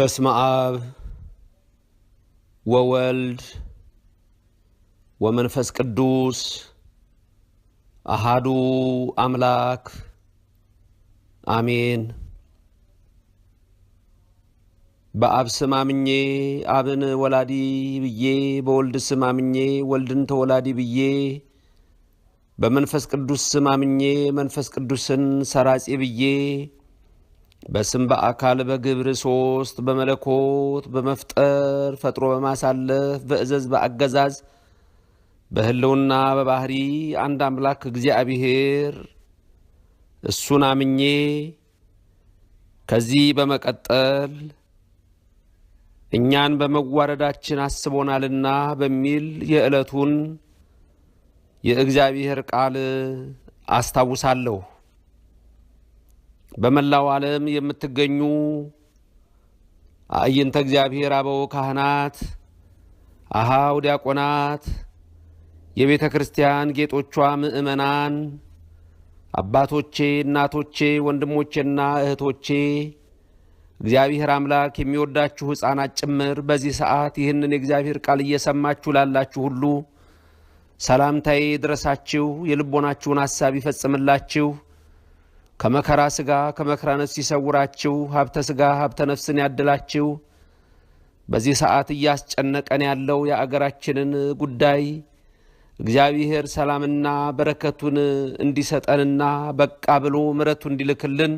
በስመ አብ ወወልድ ወመንፈስ ቅዱስ አሃዱ አምላክ አሜን። በአብ ስም አምኜ አብን ወላዲ ብዬ፣ በወልድ ስም አምኜ ወልድን ተወላዲ ብዬ፣ በመንፈስ ቅዱስ ስም አምኜ መንፈስ ቅዱስን ሰራጺ ብዬ በስም በአካል በግብር ሶስት በመለኮት በመፍጠር ፈጥሮ በማሳለፍ በእዘዝ በአገዛዝ በህልውና በባህሪ አንድ አምላክ እግዚአብሔር እሱን አምኜ ከዚህ በመቀጠል እኛን በመዋረዳችን አስቦናልና በሚል የዕለቱን የእግዚአብሔር ቃል አስታውሳለሁ። በመላው ዓለም የምትገኙ አእይንተ እግዚአብሔር አበው ካህናት፣ አሃው ዲያቆናት፣ የቤተ ክርስቲያን ጌጦቿ ምእመናን፣ አባቶቼ፣ እናቶቼ፣ ወንድሞቼና እህቶቼ እግዚአብሔር አምላክ የሚወዳችሁ ሕፃናት ጭምር በዚህ ሰዓት ይህንን የእግዚአብሔር ቃል እየሰማችሁ ላላችሁ ሁሉ ሰላምታዬ ድረሳችሁ፣ የልቦናችሁን ሐሳብ ይፈጽምላችሁ ከመከራ ሥጋ ከመከራ ነፍስ ይሰውራችሁ፣ ሀብተ ሥጋ ሀብተ ነፍስን ያድላችሁ። በዚህ ሰዓት እያስጨነቀን ያለው የአገራችንን ጉዳይ እግዚአብሔር ሰላምና በረከቱን እንዲሰጠንና በቃ ብሎ ምረቱ እንዲልክልን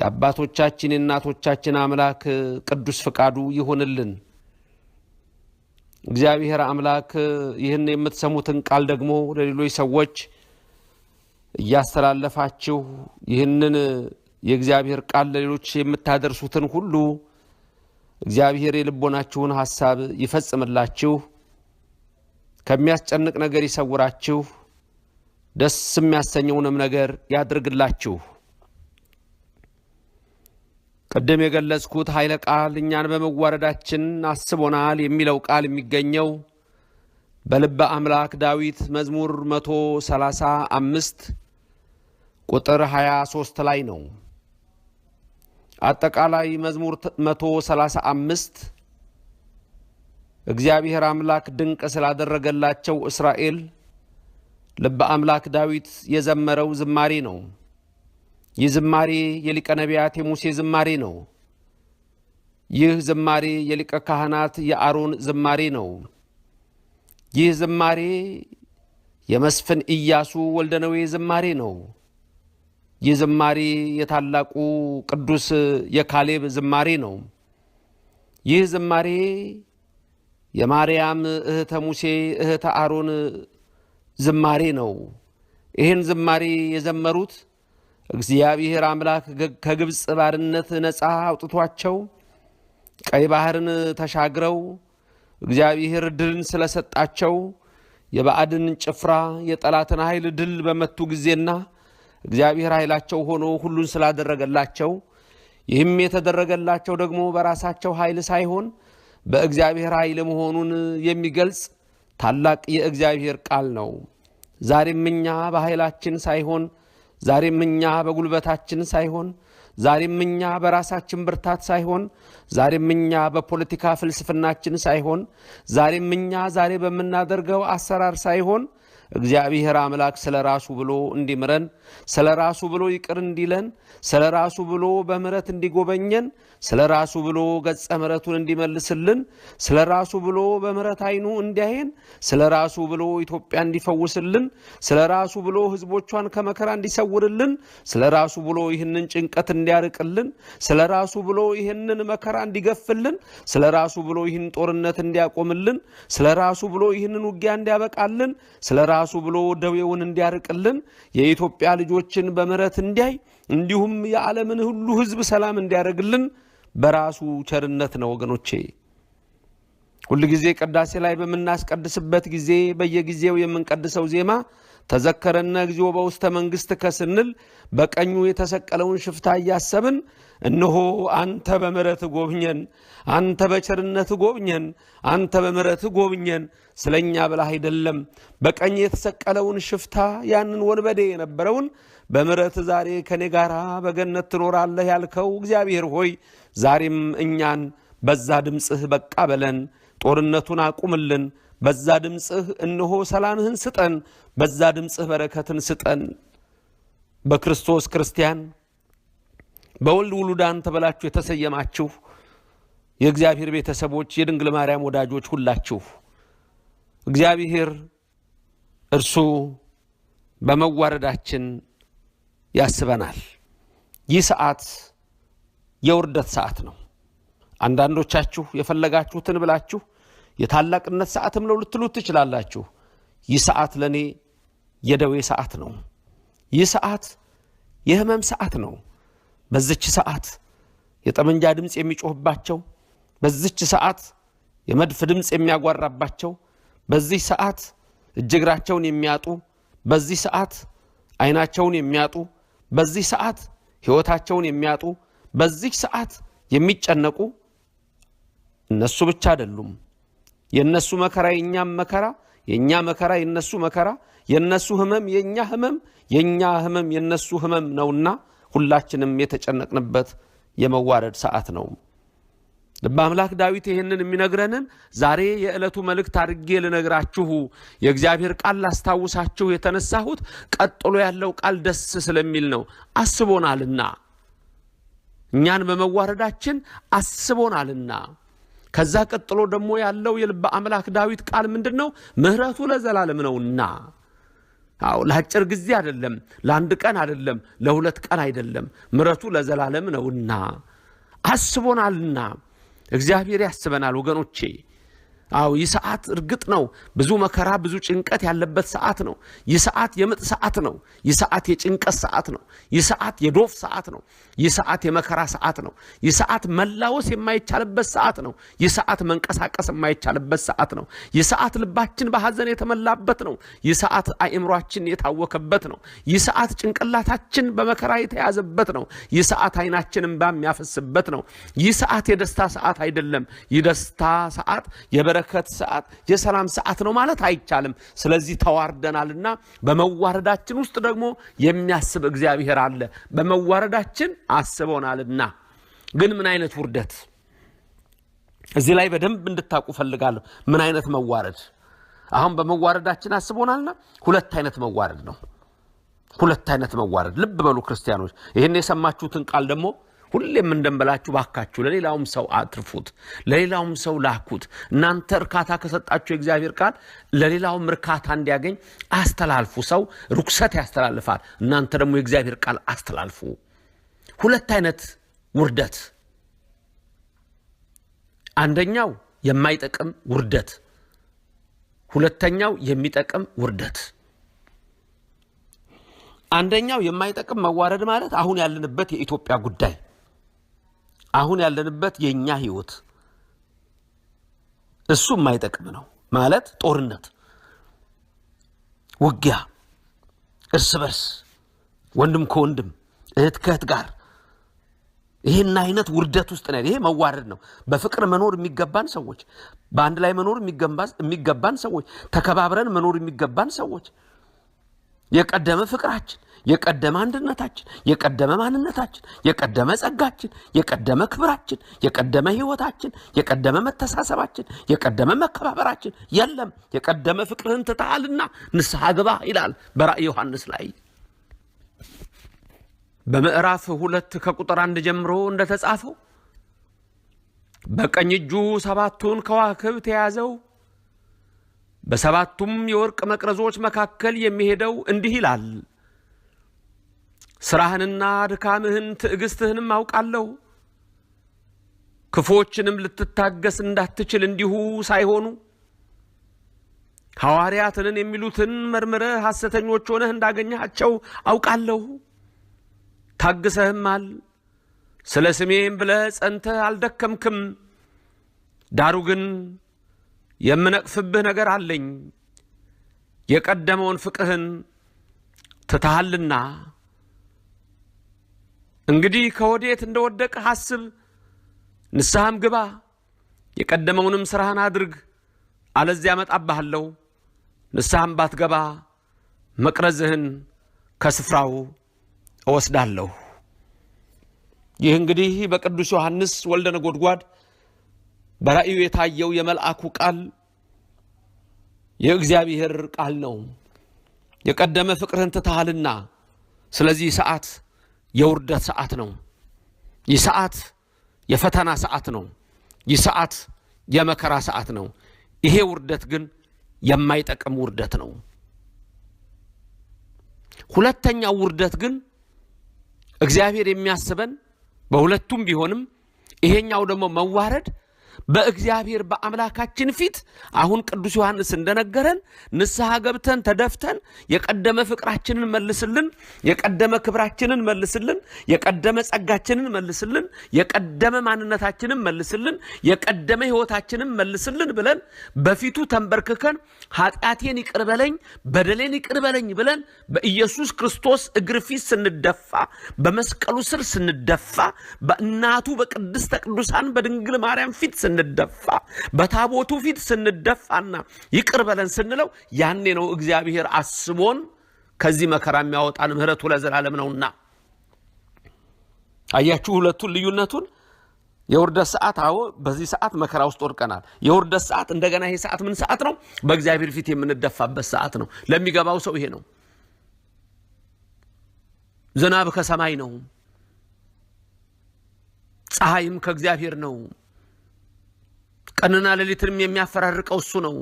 የአባቶቻችን የእናቶቻችን አምላክ ቅዱስ ፍቃዱ ይሆንልን። እግዚአብሔር አምላክ ይህን የምትሰሙትን ቃል ደግሞ ለሌሎች ሰዎች እያስተላለፋችሁ ይህንን የእግዚአብሔር ቃል ለሌሎች የምታደርሱትን ሁሉ እግዚአብሔር የልቦናችሁን ሐሳብ ይፈጽምላችሁ፣ ከሚያስጨንቅ ነገር ይሰውራችሁ፣ ደስ የሚያሰኘውንም ነገር ያድርግላችሁ። ቅድም የገለጽኩት ኃይለ ቃል እኛን በመዋረዳችን አስቦናል የሚለው ቃል የሚገኘው በልበ አምላክ ዳዊት መዝሙር መቶ ሰላሳ አምስት ቁጥር 23 ላይ ነው። አጠቃላይ መዝሙር 135 እግዚአብሔር አምላክ ድንቅ ስላደረገላቸው እስራኤል ልበ አምላክ ዳዊት የዘመረው ዝማሬ ነው። ይህ ዝማሬ የሊቀ ነቢያት የሙሴ ዝማሬ ነው። ይህ ዝማሬ የሊቀ ካህናት የአሮን ዝማሬ ነው። ይህ ዝማሬ የመስፍን ኢያሱ ወልደነዌ ዝማሬ ነው። ይህ ዝማሬ የታላቁ ቅዱስ የካሌብ ዝማሬ ነው። ይህ ዝማሬ የማርያም እህተ ሙሴ እህተ አሮን ዝማሬ ነው። ይህን ዝማሬ የዘመሩት እግዚአብሔር አምላክ ከግብፅ ባርነት ነፃ አውጥቷቸው ቀይ ባህርን ተሻግረው እግዚአብሔር ድልን ስለሰጣቸው የባዕድን ጭፍራ የጠላትን ኃይል ድል በመቱ ጊዜና እግዚአብሔር ኃይላቸው ሆኖ ሁሉን ስላደረገላቸው ይህም የተደረገላቸው ደግሞ በራሳቸው ኃይል ሳይሆን በእግዚአብሔር ኃይል መሆኑን የሚገልጽ ታላቅ የእግዚአብሔር ቃል ነው። ዛሬም እኛ በኃይላችን ሳይሆን፣ ዛሬም እኛ በጉልበታችን ሳይሆን፣ ዛሬም እኛ በራሳችን ብርታት ሳይሆን፣ ዛሬም እኛ በፖለቲካ ፍልስፍናችን ሳይሆን፣ ዛሬም እኛ ዛሬ በምናደርገው አሰራር ሳይሆን እግዚአብሔር አምላክ ስለ ራሱ ብሎ እንዲምረን ስለ ራሱ ብሎ ይቅር እንዲለን ስለ ራሱ ብሎ በምረት እንዲጎበኘን ስለ ራሱ ብሎ ገጸ ምረቱን እንዲመልስልን ስለ ራሱ ብሎ በምረት አይኑ እንዲያየን ስለ ራሱ ብሎ ኢትዮጵያ እንዲፈውስልን ስለ ራሱ ብሎ ህዝቦቿን ከመከራ እንዲሰውርልን ስለ ራሱ ብሎ ይህንን ጭንቀት እንዲያርቅልን ስለ ራሱ ብሎ ይህንን መከራ እንዲገፍልን ስለ ራሱ ብሎ ይህን ጦርነት እንዲያቆምልን ስለ ራሱ ብሎ ይህንን ውጊያ እንዲያበቃልን ስለ ራሱ ብሎ ደዌውን እንዲያርቅልን የኢትዮጵያ ልጆችን በምሕረት እንዲያይ እንዲሁም የዓለምን ሁሉ ሕዝብ ሰላም እንዲያደርግልን በራሱ ቸርነት ነው ወገኖቼ። ሁልጊዜ ቅዳሴ ላይ በምናስቀድስበት ጊዜ በየጊዜው የምንቀድሰው ዜማ ተዘከረነ እግዚኦ በውስተ መንግሥት ከስንል በቀኙ የተሰቀለውን ሽፍታ እያሰብን እነሆ አንተ በምረት ጎብኘን፣ አንተ በቸርነት ጎብኘን፣ አንተ በምረት ጎብኘን፣ ስለኛ ብላህ አይደለም። በቀኝ የተሰቀለውን ሽፍታ ያንን ወንበዴ የነበረውን በምረት ዛሬ ከኔ ጋር በገነት ትኖራለህ ያልከው እግዚአብሔር ሆይ ዛሬም እኛን በዛ ድምፅህ በቃ በለን፣ ጦርነቱን አቁምልን በዛ ድምፅህ እንሆ ሰላምህን ስጠን፣ በዛ ድምፅህ በረከትን ስጠን። በክርስቶስ ክርስቲያን በወልድ ውሉዳን ተብላችሁ የተሰየማችሁ የእግዚአብሔር ቤተሰቦች የድንግል ማርያም ወዳጆች ሁላችሁ እግዚአብሔር እርሱ በመዋረዳችን ያስበናል። ይህ ሰዓት የውርደት ሰዓት ነው። አንዳንዶቻችሁ የፈለጋችሁትን ብላችሁ የታላቅነት ሰዓትም ነው ልትሉት ትችላላችሁ። ይህ ሰዓት ለእኔ የደዌ ሰዓት ነው። ይህ ሰዓት የህመም ሰዓት ነው። በዝች ሰዓት የጠመንጃ ድምፅ የሚጮህባቸው፣ በዝች ሰዓት የመድፍ ድምፅ የሚያጓራባቸው፣ በዚህ ሰዓት እጅግራቸውን የሚያጡ፣ በዚህ ሰዓት አይናቸውን የሚያጡ፣ በዚህ ሰዓት ህይወታቸውን የሚያጡ፣ በዚህ ሰዓት የሚጨነቁ እነሱ ብቻ አይደሉም። የእነሱ መከራ የእኛም መከራ፣ የእኛ መከራ የእነሱ መከራ፣ የእነሱ ህመም የእኛ ህመም፣ የእኛ ህመም የእነሱ ህመም ነውና ሁላችንም የተጨነቅንበት የመዋረድ ሰዓት ነው። ልበ አምላክ ዳዊት ይህንን የሚነግረንን ዛሬ የዕለቱ መልእክት አድርጌ ልነግራችሁ የእግዚአብሔር ቃል ላስታውሳችሁ የተነሳሁት ቀጥሎ ያለው ቃል ደስ ስለሚል ነው። አስቦናልና እኛን በመዋረዳችን አስቦናልና ከዛ ቀጥሎ ደግሞ ያለው የልበ አምላክ ዳዊት ቃል ምንድን ነው? ምሕረቱ ለዘላለም ነውና። አዎ ለአጭር ጊዜ አይደለም፣ ለአንድ ቀን አይደለም፣ ለሁለት ቀን አይደለም። ምሕረቱ ለዘላለም ነውና አስቦናልና፣ እግዚአብሔር ያስበናል ወገኖቼ። አዎ ይህ ሰዓት እርግጥ ነው ብዙ መከራ ብዙ ጭንቀት ያለበት ሰዓት ነው። ይህ ሰዓት የምጥ ሰዓት ነው። ይህ ሰዓት የጭንቀት ሰዓት ነው። ይህ ሰዓት የዶፍ ሰዓት ነው። ይህ ሰዓት የመከራ ሰዓት ነው። ይህ ሰዓት መላወስ የማይቻልበት ሰዓት ነው። ይህ ሰዓት መንቀሳቀስ የማይቻልበት ሰዓት ነው። ይህ ሰዓት ልባችን በሐዘን የተመላበት ነው። ይህ ሰዓት አእምሯችን የታወከበት ነው። ይህ ሰዓት ጭንቅላታችን በመከራ የተያዘበት ነው። ይህ ሰዓት ዓይናችን እንባ የሚያፈስበት ነው። ይህ ሰዓት የደስታ ሰዓት አይደለም። ይህ ደስታ ሰዓት የበረከት ሰዓት፣ የሰላም ሰዓት ነው ማለት አይቻልም። ስለዚህ ተዋርደናልና በመዋረዳችን ውስጥ ደግሞ የሚያስብ እግዚአብሔር አለ። በመዋረዳችን አስቦናልና ግን ምን አይነት ውርደት እዚህ ላይ በደንብ እንድታውቁ ፈልጋለሁ። ምን አይነት መዋረድ? አሁን በመዋረዳችን አስቦናልና ሁለት አይነት መዋረድ ነው። ሁለት አይነት መዋረድ ልብ በሉ ክርስቲያኖች። ይህን የሰማችሁትን ቃል ደግሞ ሁሌም እንደምበላችሁ ባካችሁ ለሌላውም ሰው አትርፉት፣ ለሌላውም ሰው ላኩት። እናንተ እርካታ ከሰጣችሁ የእግዚአብሔር ቃል ለሌላውም እርካታ እንዲያገኝ አስተላልፉ። ሰው ርኩሰት ያስተላልፋል፣ እናንተ ደግሞ የእግዚአብሔር ቃል አስተላልፉ። ሁለት አይነት ውርደት፣ አንደኛው የማይጠቅም ውርደት፣ ሁለተኛው የሚጠቅም ውርደት። አንደኛው የማይጠቅም መዋረድ ማለት አሁን ያለንበት የኢትዮጵያ ጉዳይ አሁን ያለንበት የእኛ ህይወት እሱ የማይጠቅም ነው ማለት ጦርነት፣ ውጊያ፣ እርስ በርስ ወንድም ከወንድም እህት ከእህት ጋር ይህን አይነት ውርደት ውስጥ ነ ይሄ መዋረድ ነው። በፍቅር መኖር የሚገባን ሰዎች፣ በአንድ ላይ መኖር የሚገባን ሰዎች፣ ተከባብረን መኖር የሚገባን ሰዎች የቀደመ ፍቅራችን፣ የቀደመ አንድነታችን፣ የቀደመ ማንነታችን፣ የቀደመ ጸጋችን፣ የቀደመ ክብራችን፣ የቀደመ ህይወታችን የቀደመ መተሳሰባችን፣ የቀደመ መከባበራችን የለም። የቀደመ ፍቅርህን ትተሃልና ንስሐ ግባ ይላል በራእይ ዮሐንስ ላይ በምዕራፍ ሁለት ከቁጥር አንድ ጀምሮ እንደተጻፈው በቀኝ እጁ ሰባቱን ከዋክብት የያዘው በሰባቱም የወርቅ መቅረዞች መካከል የሚሄደው እንዲህ ይላል። ስራህንና ድካምህን ትዕግሥትህንም አውቃለሁ። ክፎችንም ልትታገስ እንዳትችል እንዲሁ ሳይሆኑ ሐዋርያትንን የሚሉትን መርምረህ ሐሰተኞች ሆነህ እንዳገኘሃቸው አውቃለሁ። ታግሰህማል። ስለ ስሜም ብለህ ጸንተህ አልደከምክም። ዳሩ ግን የምነቅፍብህ ነገር አለኝ የቀደመውን ፍቅህን ትተሃልና እንግዲህ ከወዴት እንደወደቅህ አስብ፣ ንስሐም ግባ፣ የቀደመውንም ስራህን አድርግ፣ አለዚያ አመጣብሃለሁ። ንስሐም ባትገባ መቅረዝህን ከስፍራው እወስዳለሁ። ይህ እንግዲህ በቅዱስ ዮሐንስ ወልደ ነጎድጓድ በራእዩ የታየው የመልአኩ ቃል የእግዚአብሔር ቃል ነው። የቀደመ ፍቅርህን ትተሃልና፣ ስለዚህ ሰዓት የውርደት ሰዓት ነው። ይህ ሰዓት የፈተና ሰዓት ነው። ይህ ሰዓት የመከራ ሰዓት ነው። ይሄ ውርደት ግን የማይጠቅም ውርደት ነው። ሁለተኛው ውርደት ግን እግዚአብሔር የሚያስበን በሁለቱም ቢሆንም ይሄኛው ደግሞ መዋረድ በእግዚአብሔር በአምላካችን ፊት አሁን ቅዱስ ዮሐንስ እንደነገረን ንስሐ ገብተን ተደፍተን የቀደመ ፍቅራችንን መልስልን፣ የቀደመ ክብራችንን መልስልን፣ የቀደመ ጸጋችንን መልስልን፣ የቀደመ ማንነታችንን መልስልን፣ የቀደመ ሕይወታችንን መልስልን ብለን በፊቱ ተንበርክከን ኃጢአቴን ይቅርበለኝ በደሌን ይቅርበለኝ ብለን በኢየሱስ ክርስቶስ እግር ፊት ስንደፋ በመስቀሉ ስር ስንደፋ በእናቱ በቅድስተ ቅዱሳን በድንግል ማርያም ፊት ስንደፋ በታቦቱ ፊት ስንደፋና ይቅር በለን ስንለው ያኔ ነው እግዚአብሔር አስቦን ከዚህ መከራ የሚያወጣን ምሕረቱ ለዘላለም ነውና። አያችሁ ሁለቱን ልዩነቱን። የውርደት ሰዓት አዎ፣ በዚህ ሰዓት መከራ ውስጥ ወድቀናል። የውርደት ሰዓት እንደገና ይሄ ሰዓት ምን ሰዓት ነው? በእግዚአብሔር ፊት የምንደፋበት ሰዓት ነው። ለሚገባው ሰው ይሄ ነው። ዝናብ ከሰማይ ነው። ፀሐይም ከእግዚአብሔር ነው። ቀንና ሌሊትንም የሚያፈራርቀው እሱ ነው።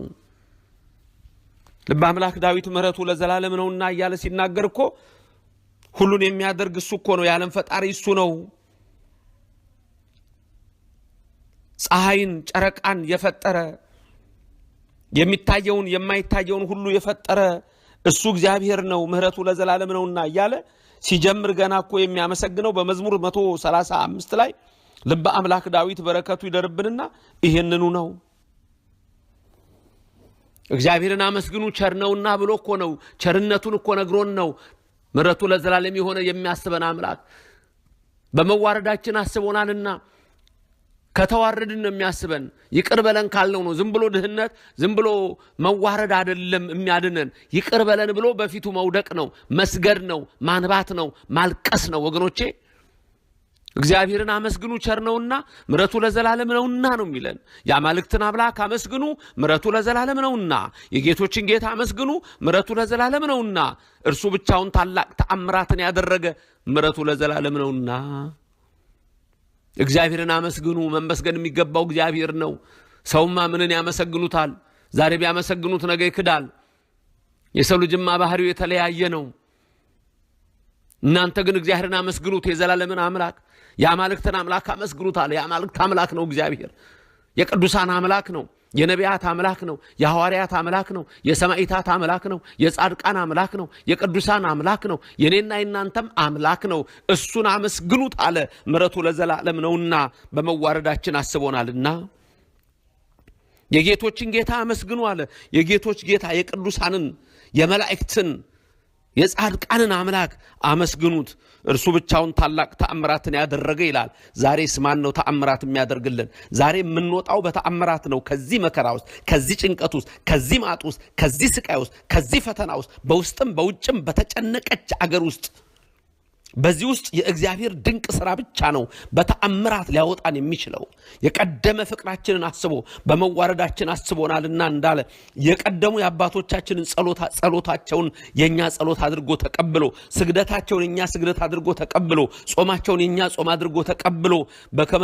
ልበ አምላክ ዳዊት ምሕረቱ ለዘላለም ነውና እያለ ሲናገር እኮ ሁሉን የሚያደርግ እሱ እኮ ነው። የዓለም ፈጣሪ እሱ ነው። ፀሐይን፣ ጨረቃን የፈጠረ የሚታየውን የማይታየውን ሁሉ የፈጠረ እሱ እግዚአብሔር ነው። ምሕረቱ ለዘላለም ነውና እያለ ሲጀምር ገና እኮ የሚያመሰግነው በመዝሙር መቶ ሰላሳ አምስት ላይ ልበ አምላክ ዳዊት በረከቱ ይደርብንና ይሄንኑ ነው እግዚአብሔርን አመስግኑ ቸር ነውና ብሎ እኮ ነው። ቸርነቱን እኮ ነግሮን ነው። ምረቱ ለዘላለም የሆነ የሚያስበን አምላክ በመዋረዳችን አስቦናልና ከተዋረድን ነው የሚያስበን። ይቅር በለን ካልነው ነው። ዝም ብሎ ድህነት፣ ዝም ብሎ መዋረድ አይደለም የሚያድነን። ይቅር በለን ብሎ በፊቱ መውደቅ ነው፣ መስገድ ነው፣ ማንባት ነው፣ ማልቀስ ነው ወገኖቼ። እግዚአብሔርን አመስግኑ ቸር ነውና ምረቱ ለዘላለም ነውና ነው የሚለን። የአማልክትን አምላክ አመስግኑ ምረቱ ለዘላለም ነውና፣ የጌቶችን ጌታ አመስግኑ ምረቱ ለዘላለም ነውና፣ እርሱ ብቻውን ታላቅ ተአምራትን ያደረገ ምረቱ ለዘላለም ነውና። እግዚአብሔርን አመስግኑ። መመስገን የሚገባው እግዚአብሔር ነው። ሰውማ ምንን ያመሰግኑታል? ዛሬ ቢያመሰግኑት ነገ ይክዳል። የሰው ልጅማ ባህሪው የተለያየ ነው። እናንተ ግን እግዚአብሔርን አመስግኑት፣ የዘላለምን አምላክ የአማልክትን አምላክ አመስግኑት አለ። የአማልክት አምላክ ነው እግዚአብሔር። የቅዱሳን አምላክ ነው። የነቢያት አምላክ ነው። የሐዋርያት አምላክ ነው። የሰማዕታት አምላክ ነው። የጻድቃን አምላክ ነው። የቅዱሳን አምላክ ነው። የኔና የናንተም አምላክ ነው። እሱን አመስግኑት አለ። ምረቱ ለዘላለም ነውና በመዋረዳችን አስቦናልና የጌቶችን ጌታ አመስግኑ አለ። የጌቶች ጌታ የቅዱሳንን የመላእክትን የጻድቃንን አምላክ አመስግኑት፣ እርሱ ብቻውን ታላቅ ተአምራትን ያደረገ ይላል። ዛሬ ስማን ነው ተአምራት የሚያደርግልን? ዛሬ የምንወጣው በተአምራት ነው። ከዚህ መከራ ውስጥ፣ ከዚህ ጭንቀት ውስጥ፣ ከዚህ ማጥ ውስጥ፣ ከዚህ ስቃይ ውስጥ፣ ከዚህ ፈተና ውስጥ፣ በውስጥም በውጭም በተጨነቀች አገር ውስጥ በዚህ ውስጥ የእግዚአብሔር ድንቅ ስራ ብቻ ነው በተአምራት ሊያወጣን የሚችለው። የቀደመ ፍቅራችንን አስቦ በመዋረዳችን አስቦናልና እንዳለ የቀደሙ የአባቶቻችንን ጸሎታቸውን የእኛ ጸሎት አድርጎ ተቀብሎ፣ ስግደታቸውን የእኛ ስግደት አድርጎ ተቀብሎ፣ ጾማቸውን የእኛ ጾም አድርጎ ተቀብሎ በከመ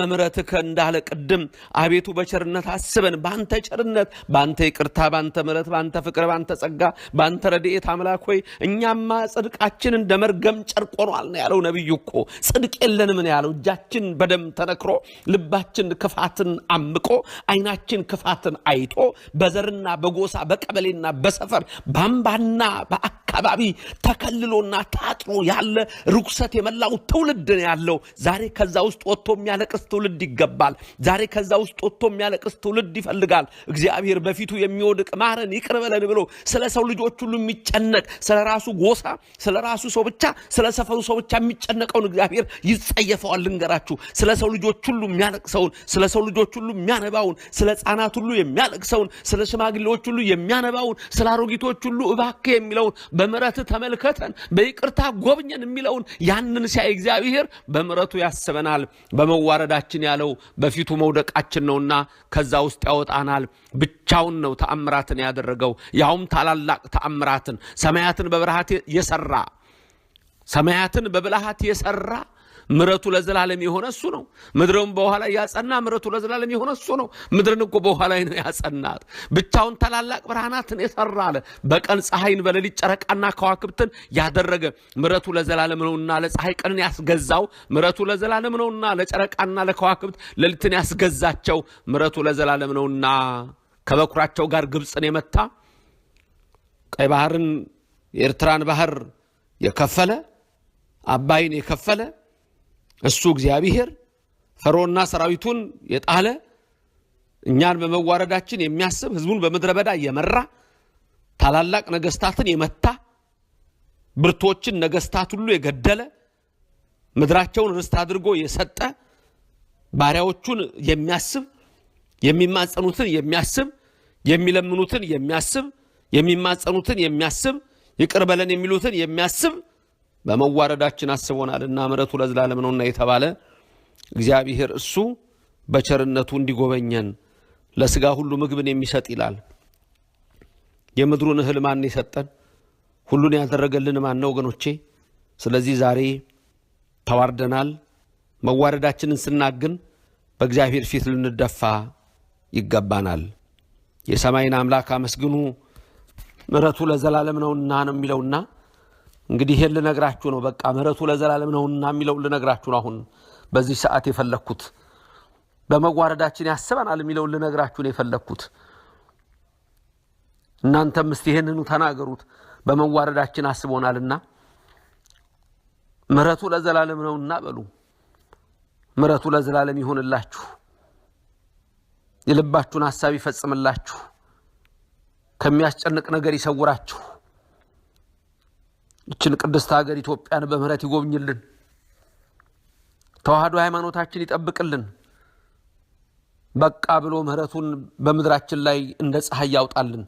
እንዳለ ቅድም አቤቱ በቸርነት አስበን በአንተ ቸርነት፣ በአንተ ይቅርታ፣ በአንተ ምረት በአንተ ፍቅር፣ በአንተ ጸጋ፣ በአንተ ረድኤት አምላክ ሆይ እኛማ ጽድቃችን እንደ መርገም ጨርቆኗል ነው ያለው ነቢዩ እኮ ጽድቅ የለንም ነው ያለው። እጃችን በደም ተነክሮ፣ ልባችን ክፋትን አምቆ፣ አይናችን ክፋትን አይቶ፣ በዘርና በጎሳ በቀበሌና በሰፈር ባምባና በአ አካባቢ ተከልሎና ታጥሮ ያለ ርኩሰት የመላው ትውልድ ነው ያለው። ዛሬ ከዛ ውስጥ ወጥቶ የሚያለቅስ ትውልድ ይገባል። ዛሬ ከዛ ውስጥ ወጥቶ የሚያለቅስ ትውልድ ይፈልጋል። እግዚአብሔር በፊቱ የሚወድቅ ማረን፣ ይቅር በለን ብሎ ስለ ሰው ልጆች ሁሉ የሚጨነቅ ስለ ራሱ ጎሳ፣ ስለ ራሱ ሰው ብቻ፣ ስለ ሰፈሩ ሰው ብቻ የሚጨነቀውን እግዚአብሔር ይጸየፈዋል። ልንገራችሁ፣ ስለ ሰው ልጆች ሁሉ የሚያለቅሰውን፣ ስለ ሰው ልጆች ሁሉ የሚያነባውን፣ ስለ ህጻናት ሁሉ የሚያለቅሰውን፣ ስለ ሽማግሌዎች ሁሉ የሚያነባውን፣ ስለ አሮጊቶች ሁሉ እባክህ የሚለውን በምረት ተመልከተን፣ በይቅርታ ጎብኘን የሚለውን ያንን ሲያይ እግዚአብሔር በምረቱ ያስበናል። በመዋረዳችን ያለው በፊቱ መውደቃችን ነውና ከዛ ውስጥ ያወጣናል። ብቻውን ነው ተአምራትን ያደረገው ያውም ታላላቅ ተአምራትን ሰማያትን በብልሃት የሰራ ሰማያትን በብልሃት የሰራ ምረቱ ለዘላለም የሆነ እሱ ነው። ምድርን በውሃ ላይ ያጸና ምረቱ ለዘላለም የሆነ እሱ ነው። ምድርን እኮ በውሃ ላይ ነው ያጸናት። ብቻውን ታላላቅ ብርሃናትን የሰራ አለ። በቀን ፀሐይን፣ በሌሊት ጨረቃና ከዋክብትን ያደረገ ምረቱ ለዘላለም ነውና ለፀሐይ ቀንን ያስገዛው ምረቱ ለዘላለም ነውና ለጨረቃና ለከዋክብት ሌሊትን ያስገዛቸው ምረቱ ለዘላለም ነውና ከበኩራቸው ጋር ግብፅን የመታ ቀይ ባህርን የኤርትራን ባህር የከፈለ አባይን የከፈለ እሱ እግዚአብሔር ፈርዖንና ሰራዊቱን የጣለ እኛን በመዋረዳችን የሚያስብ ህዝቡን በምድረ በዳ የመራ ታላላቅ ነገስታትን የመታ ብርቶችን ነገስታት ሁሉ የገደለ ምድራቸውን ርስት አድርጎ የሰጠ ባሪያዎቹን የሚያስብ የሚማጸኑትን የሚያስብ የሚለምኑትን የሚያስብ የሚማጸኑትን የሚያስብ ይቅር በለን የሚሉትን የሚያስብ በመዋረዳችን አስቦናልና ምረቱ ለዘላለም ነውና የተባለ እግዚአብሔር እሱ በቸርነቱ እንዲጎበኘን ለስጋ ሁሉ ምግብን የሚሰጥ ይላል። የምድሩን እህል ማን የሰጠን? ሁሉን ያደረገልን ማን ነው ወገኖቼ? ስለዚህ ዛሬ ተዋርደናል። መዋረዳችንን ስናግን በእግዚአብሔር ፊት ልንደፋ ይገባናል። የሰማይን አምላክ አመስግኑ ምረቱ ለዘላለም ነውና ነው የሚለውና እንግዲህ ይሄን ልነግራችሁ ነው። በቃ ምሕረቱ ለዘላለም ነውና የሚለውን ልነግራችሁ ነው። አሁን በዚህ ሰዓት የፈለግኩት በመዋረዳችን ያስበናል የሚለውን ልነግራችሁ ነው የፈለግኩት። እናንተም እስቲ ይህንኑ ተናገሩት። በመዋረዳችን አስቦናልና ምሕረቱ ለዘላለም ነውና በሉ። ምሕረቱ ለዘላለም ይሁንላችሁ። የልባችሁን ሐሳብ ይፈጽምላችሁ። ከሚያስጨንቅ ነገር ይሰውራችሁ። ይችን ቅድስት ሀገር ኢትዮጵያን በምህረት ይጎብኝልን። ተዋህዶ ሃይማኖታችን ይጠብቅልን። በቃ ብሎ ምህረቱን በምድራችን ላይ እንደ ፀሐይ ያውጣልን፣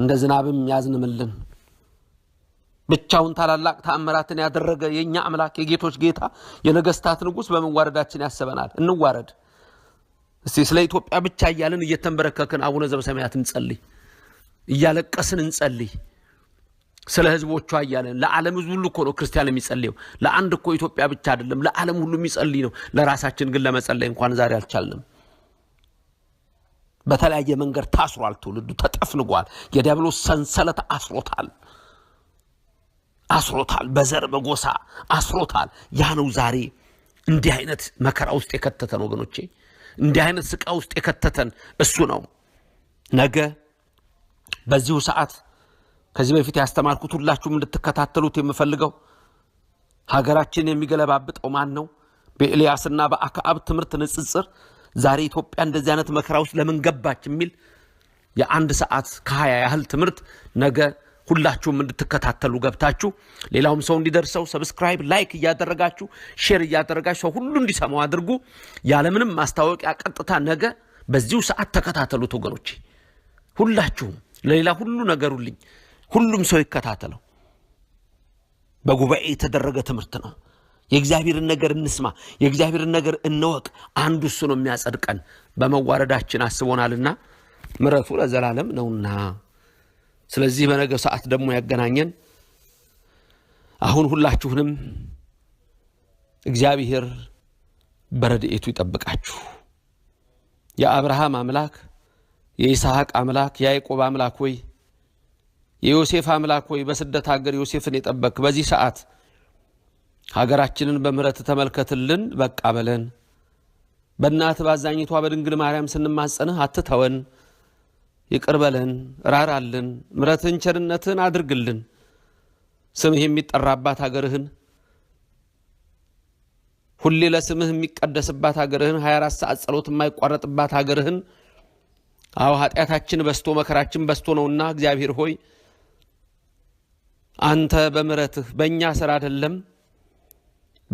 እንደ ዝናብም ያዝንምልን። ብቻውን ታላላቅ ተአምራትን ያደረገ የእኛ አምላክ የጌቶች ጌታ የነገስታት ንጉሥ በመዋረዳችን ያስበናል። እንዋረድ እስቲ። ስለ ኢትዮጵያ ብቻ እያልን እየተንበረከክን አቡነ ዘበሰማያት እንጸልይ፣ እያለቀስን እንጸልይ። ስለ ህዝቦቿ አያለን ለዓለም ህዝብ ሁሉ እኮ ነው ክርስቲያን የሚጸልየው። ለአንድ እኮ ኢትዮጵያ ብቻ አይደለም፣ ለዓለም ሁሉ የሚጸልይ ነው። ለራሳችን ግን ለመጸለይ እንኳን ዛሬ አልቻልንም። በተለያየ መንገድ ታስሯል። ትውልዱ ተጠፍንጓል። የዲያብሎስ ሰንሰለት አስሮታል አስሮታል። በዘር በጎሳ አስሮታል። ያ ነው ዛሬ እንዲህ አይነት መከራ ውስጥ የከተተን ወገኖቼ፣ እንዲህ አይነት ስቃ ውስጥ የከተተን እሱ ነው። ነገ በዚሁ ሰዓት ከዚህ በፊት ያስተማርኩት ሁላችሁም እንድትከታተሉት የምፈልገው ሀገራችን የሚገለባብጠው ማን ነው? በኤልያስና በአክአብ ትምህርት ንጽጽር ዛሬ ኢትዮጵያ እንደዚህ አይነት መከራ ውስጥ ለምን ገባች የሚል የአንድ ሰዓት ከሀያ ያህል ትምህርት ነገ ሁላችሁም እንድትከታተሉ ገብታችሁ ሌላውም ሰው እንዲደርሰው ሰብስክራይብ፣ ላይክ እያደረጋችሁ ሼር እያደረጋችሁ ሰው ሁሉ እንዲሰማው አድርጉ። ያለምንም ማስታወቂያ ቀጥታ ነገ በዚሁ ሰዓት ተከታተሉት ወገኖቼ፣ ሁላችሁም ለሌላ ሁሉ ነገሩልኝ። ሁሉም ሰው ይከታተለው። በጉባኤ የተደረገ ትምህርት ነው። የእግዚአብሔርን ነገር እንስማ፣ የእግዚአብሔርን ነገር እንወቅ። አንዱ እሱ ነው የሚያጸድቀን። በመዋረዳችን አስቦናልና ምረቱ ለዘላለም ነውና። ስለዚህ በነገ ሰዓት ደግሞ ያገናኘን። አሁን ሁላችሁንም እግዚአብሔር በረድኤቱ ይጠብቃችሁ። የአብርሃም አምላክ የይስሐቅ አምላክ የያዕቆብ አምላክ ሆይ የዮሴፍ አምላክ ሆይ በስደት ሀገር ዮሴፍን የጠበክ በዚህ ሰዓት ሀገራችንን በምሕረት ተመልከትልን፣ በቃ በለን። በእናት በአዛኝቷ በድንግል ማርያም ስንማጸንህ አትተወን፣ ይቅር በለን፣ ራራልን፣ ምሕረትን ቸርነትን አድርግልን። ስምህ የሚጠራባት ሀገርህን ሁሌ ለስምህ የሚቀደስባት ሀገርህን 24 ሰዓት ጸሎት የማይቋረጥባት ሀገርህን አዎ ኃጢአታችን በስቶ መከራችን በስቶ ነውና እግዚአብሔር ሆይ አንተ በምረትህ በእኛ ስራ አይደለም፣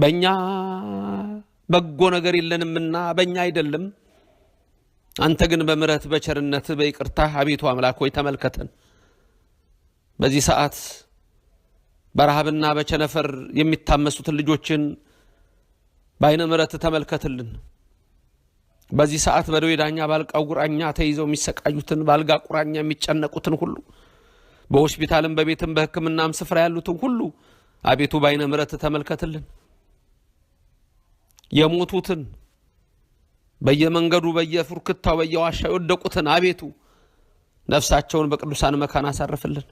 በእኛ በጎ ነገር የለንምና በእኛ አይደለም። አንተ ግን በምረት በቸርነትህ በይቅርታህ አቤቱ አምላክ ሆይ ተመልከተን። በዚህ ሰዓት በረሃብና በቸነፈር የሚታመሱትን ልጆችን በአይነ ምረት ተመልከትልን። በዚህ ሰዓት በደዌ ዳኛ ጉራኛ ቁራኛ ተይዘው የሚሰቃዩትን በአልጋ ቁራኛ የሚጨነቁትን ሁሉ በሆስፒታልም በቤትም በሕክምናም ስፍራ ያሉትን ሁሉ አቤቱ በአይነ ምረት ተመልከትልን። የሞቱትን በየመንገዱ በየፉርክታው በየዋሻ የወደቁትን አቤቱ ነፍሳቸውን በቅዱሳን መካን አሳርፍልን።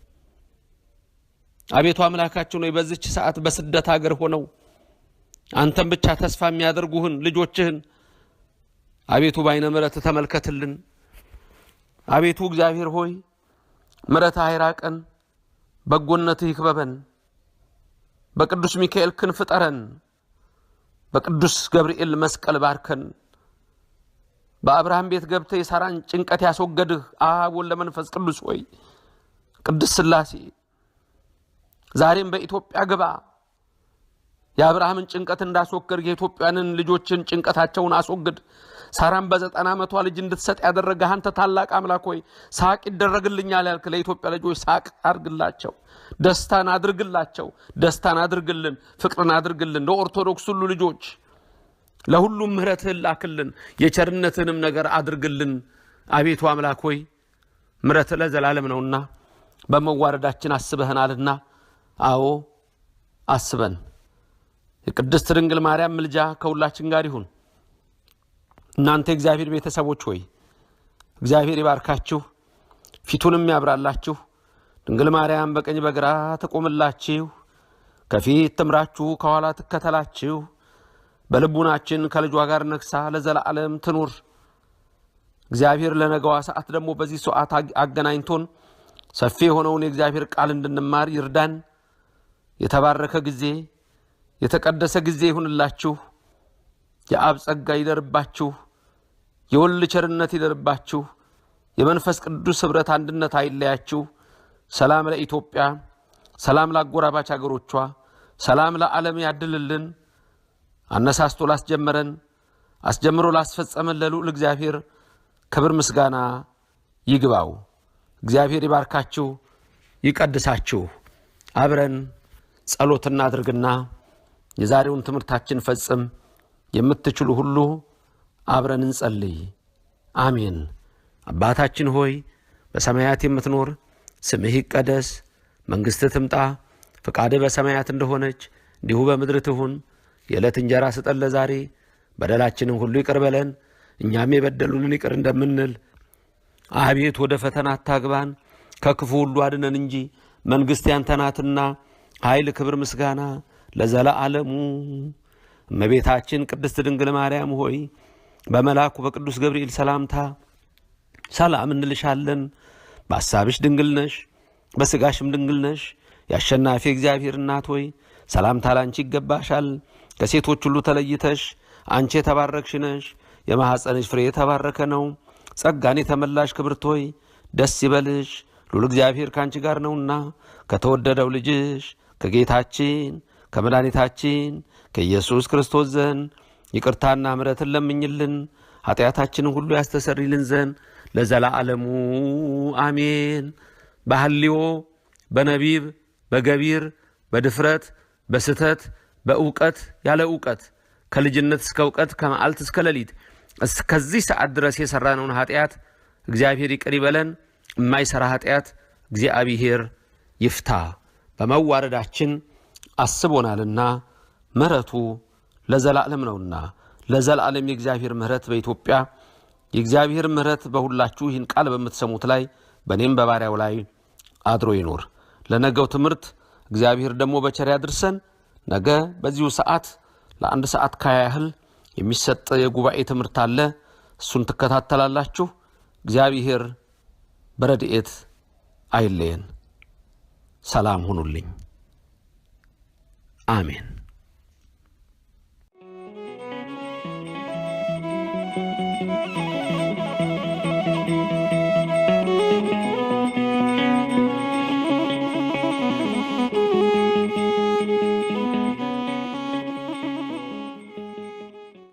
አቤቱ አምላካችን ሆይ በዚች ሰዓት በስደት አገር ሆነው አንተን ብቻ ተስፋ የሚያደርጉህን ልጆችህን አቤቱ በአይነ ምረት ተመልከትልን። አቤቱ እግዚአብሔር ሆይ ምረት አይራቀን፣ በጎነትህ ይክበበን። በቅዱስ ሚካኤል ክንፍ ጠረን፣ በቅዱስ ገብርኤል መስቀል ባርከን። በአብርሃም ቤት ገብተህ የሳራን ጭንቀት ያስወገድህ አብ ወልድ መንፈስ ቅዱስ ሆይ ቅዱስ ሥላሴ ዛሬም በኢትዮጵያ ግባ። የአብርሃምን ጭንቀት እንዳስወገድ የኢትዮጵያንን ልጆችን ጭንቀታቸውን አስወግድ። ሳራም በዘጠና ዓመቷ ልጅ እንድትሰጥ ያደረገህ አንተ ታላቅ አምላክ ሆይ ሳቅ ይደረግልኛል ያልክ ለኢትዮጵያ ልጆች ሳቅ አድርግላቸው፣ ደስታን አድርግላቸው፣ ደስታን አድርግልን፣ ፍቅርን አድርግልን። ለኦርቶዶክስ ሁሉ ልጆች ለሁሉም ምሕረትህን ላክልን፣ የቸርነትንም ነገር አድርግልን። አቤቱ አምላክ ሆይ ምሕረት ለዘላለም ነውና በመዋረዳችን አስበህናልና፣ አዎ አስበን። የቅድስት ድንግል ማርያም ምልጃ ከሁላችን ጋር ይሁን። እናንተ እግዚአብሔር ቤተሰቦች ሆይ እግዚአብሔር ይባርካችሁ፣ ፊቱንም ያብራላችሁ፣ ድንግል ማርያም በቀኝ በግራ ትቆምላችሁ፣ ከፊት ትምራችሁ፣ ከኋላ ትከተላችሁ፣ በልቡናችን ከልጇ ጋር ነግሳ ለዘላለም ትኑር። እግዚአብሔር ለነገዋ ሰዓት ደግሞ በዚህ ሰዓት አገናኝቶን ሰፊ የሆነውን የእግዚአብሔር ቃል እንድንማር ይርዳን። የተባረከ ጊዜ የተቀደሰ ጊዜ ይሁንላችሁ። የአብ ጸጋ ይደርባችሁ። የወልድ ቸርነት ይደርባችሁ። የመንፈስ ቅዱስ ኅብረት አንድነት አይለያችሁ። ሰላም ለኢትዮጵያ፣ ሰላም ለአጎራባች አገሮቿ፣ ሰላም ለዓለም ያድልልን። አነሳስቶ ላስጀመረን አስጀምሮ ላስፈጸመን ለልዑል እግዚአብሔር ክብር ምስጋና ይግባው። እግዚአብሔር ይባርካችሁ፣ ይቀድሳችሁ። አብረን ጸሎት እናድርግና የዛሬውን ትምህርታችን ፈጽም የምትችሉ ሁሉ አብረን እንጸልይ። አሜን። አባታችን ሆይ በሰማያት የምትኖር ስምህ ይቀደስ፣ መንግሥትህ ትምጣ፣ ፍቃድህ በሰማያት እንደሆነች እንዲሁ በምድር ትሁን። የዕለት እንጀራ ስጠን ለዛሬ፣ በደላችንም ሁሉ ይቅር በለን እኛም የበደሉንን ይቅር እንደምንል። አቤት ወደ ፈተና አታግባን፣ ከክፉ ሁሉ አድነን እንጂ መንግሥት ያንተ ናትና ኃይል፣ ክብር፣ ምስጋና ለዘለዓለሙ። እመቤታችን ቅድስት ድንግል ማርያም ሆይ በመልአኩ በቅዱስ ገብርኤል ሰላምታ ሰላም እንልሻለን፣ በሐሳብሽ ድንግል ነሽ፣ በሥጋሽም ድንግል ነሽ። የአሸናፊ እግዚአብሔር እናት ሆይ ሰላምታ ላንቺ ይገባሻል። ከሴቶች ሁሉ ተለይተሽ አንቺ የተባረክሽ ነሽ፣ የማኅፀንሽ ፍሬ የተባረከ ነው። ጸጋን የተመላሽ ክብርት ሆይ ደስ ይበልሽ፣ ሉል እግዚአብሔር ከአንቺ ጋር ነውና ከተወደደው ልጅሽ ከጌታችን ከመድኃኒታችን ከኢየሱስ ክርስቶስ ዘንድ ይቅርታና ምረትን ለምኝልን ኃጢአታችንን ሁሉ ያስተሰሪልን ዘንድ ለዘላለሙ አሜን። በሐልዮ በነቢብ በገቢር በድፍረት በስተት በእውቀት ያለ እውቀት ከልጅነት እስከ እውቀት ከመዓልት እስከ ሌሊት እስከዚህ ሰዓት ድረስ የሠራነውን ኃጢአት እግዚአብሔር ይቅር ይበለን። የማይሠራ ኃጢአት እግዚአብሔር ይፍታ። በመዋረዳችን አስቦናልና ምሕረቱ ለዘላለም ነውና ለዘላለም የእግዚአብሔር ምሕረት በኢትዮጵያ የእግዚአብሔር ምሕረት በሁላችሁ ይህን ቃል በምትሰሙት ላይ በእኔም በባሪያው ላይ አድሮ ይኖር። ለነገው ትምህርት እግዚአብሔር ደግሞ በቸር ያድርሰን። ነገ በዚሁ ሰዓት ለአንድ ሰዓት ካያህል የሚሰጥ የጉባኤ ትምህርት አለ። እሱን ትከታተላላችሁ። እግዚአብሔር በረድኤት አይለየን። ሰላም ሁኑልኝ። አሜን።